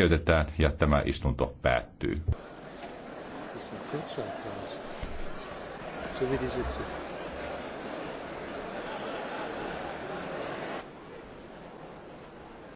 keskeytetään ja tämä istunto päättyy. So